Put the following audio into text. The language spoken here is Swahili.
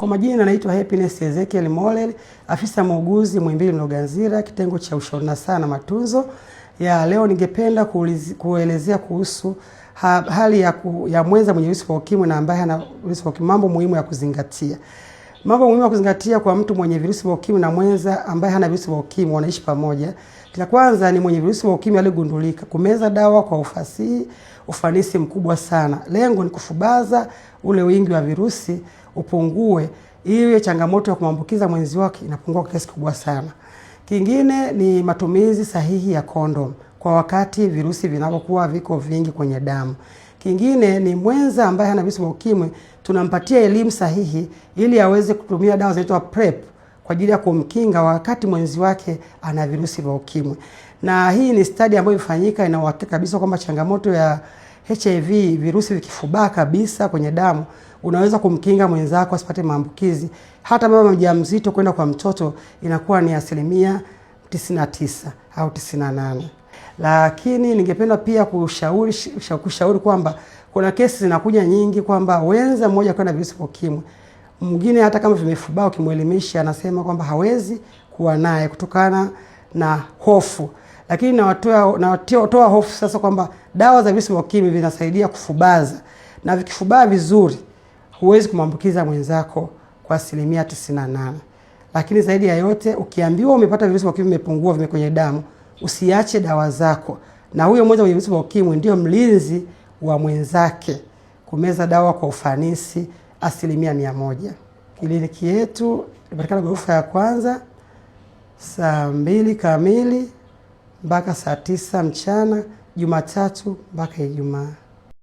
Kwa majina naitwa Happiness Ezekiel Molel, afisa muuguzi Muhimbili Mloganzila, kitengo cha ushauri na na matunzo. Ya leo ningependa kuelezea kuhusu ha, hali ya, ku, ya mwenza mwenye virusi vya ukimwi na ambaye ana virusi vya ukimwi, mambo muhimu ya kuzingatia. Mambo muhimu ya kuzingatia kwa mtu mwenye virusi vya ukimwi na mwenza ambaye hana virusi vya ukimwi wanaishi pamoja. Cha kwanza ni mwenye virusi vya ukimwi aligundulika kumeza dawa kwa ufasihi, ufanisi mkubwa sana. Lengo ni kufubaza ule wingi wa virusi upungue, iwe changamoto ya kumwambukiza mwenzi wake inapungua kwa kiasi kikubwa sana. Kingine ni matumizi sahihi ya kondom kwa wakati virusi vinavyokuwa viko vingi kwenye damu. Kingine ni mwenza ambaye hana virusi vya ukimwi, tunampatia elimu sahihi ili aweze kutumia dawa zinaitwa PrEP kwa ajili ya kumkinga wakati mwenzi wake ana virusi vya ukimwi. Na hii ni study ambayo imefanyika, ina uhakika kabisa kwamba changamoto ya HIV virusi vikifubaa kabisa kwenye damu, unaweza kumkinga mwenzako asipate maambukizi. Hata mama mjamzito kwenda kwa mtoto inakuwa ni asilimia 99 au 98 lakini ningependa pia kushauri kushauri kwamba kuna kesi zinakuja nyingi kwamba wenza mmoja kwa na virusi vya ukimwi, mwingine hata kama vimefubaa, ukimwelimisha anasema kwamba hawezi kuwa naye kutokana na hofu. Lakini nawatoa hofu sasa kwamba dawa za virusi vya ukimwi vinasaidia kufubaza, na vikifubaa vizuri huwezi kumwambukiza mwenzako kwa asilimia 98. Lakini zaidi ya yote, ukiambiwa umepata virusi vya ukimwi vimepungua, vime kwenye damu usiache dawa zako. Na huyo mmoja mwenye virusi vya ukimwi ndio mlinzi wa mwenzake, kumeza dawa kwa ufanisi asilimia mia moja. Kliniki yetu inapatikana ghorofa ya kwanza saa mbili kamili mpaka saa tisa mchana Jumatatu mpaka Ijumaa.